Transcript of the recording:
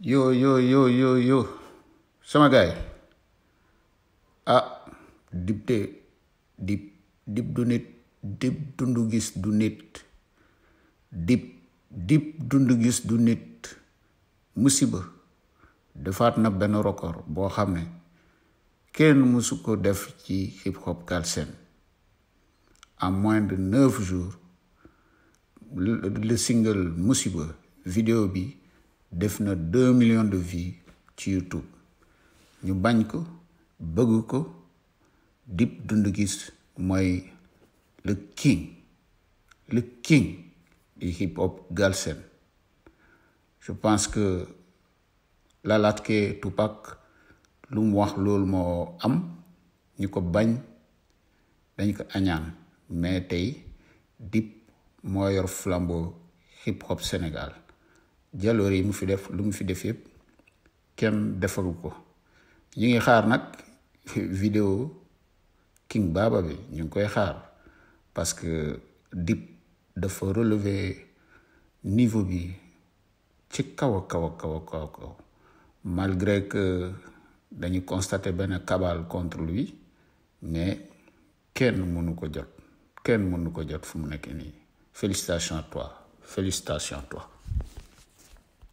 yoo yo yo yo yo sama gaay ah dib de dib dib du nit dib dundu gis du nit dib dib dundu gis du nit musiba defaat na benn record boo xam ne kenn mësu ko def ci hip hop galsen en moins de neuf jours le single musiba vidéo bi def 2 millions de vies... sur YouTube ñu bañ ko bëgg ko Dip dund le king le king du hip hop galsen je pense que latke Tupac lu wax am ñu ko dañ ko añaan mais tey Dip moo flambeau hip hop Sénégal jaloor yi mu fi def lu mu fi def yëpp kenn defagu ko ñu ngi xaar nag vidéo King Baba bi ñu ngi koy xaar parce que Dip dafa relever niveau bi ci kawa, kawa, kaw a kaw a kaw malgré que dañu constaté benn contre lui mais kenn mënu ko jot kenn mënu ko jot fu mu nekk nii félicitations toi félicitations toi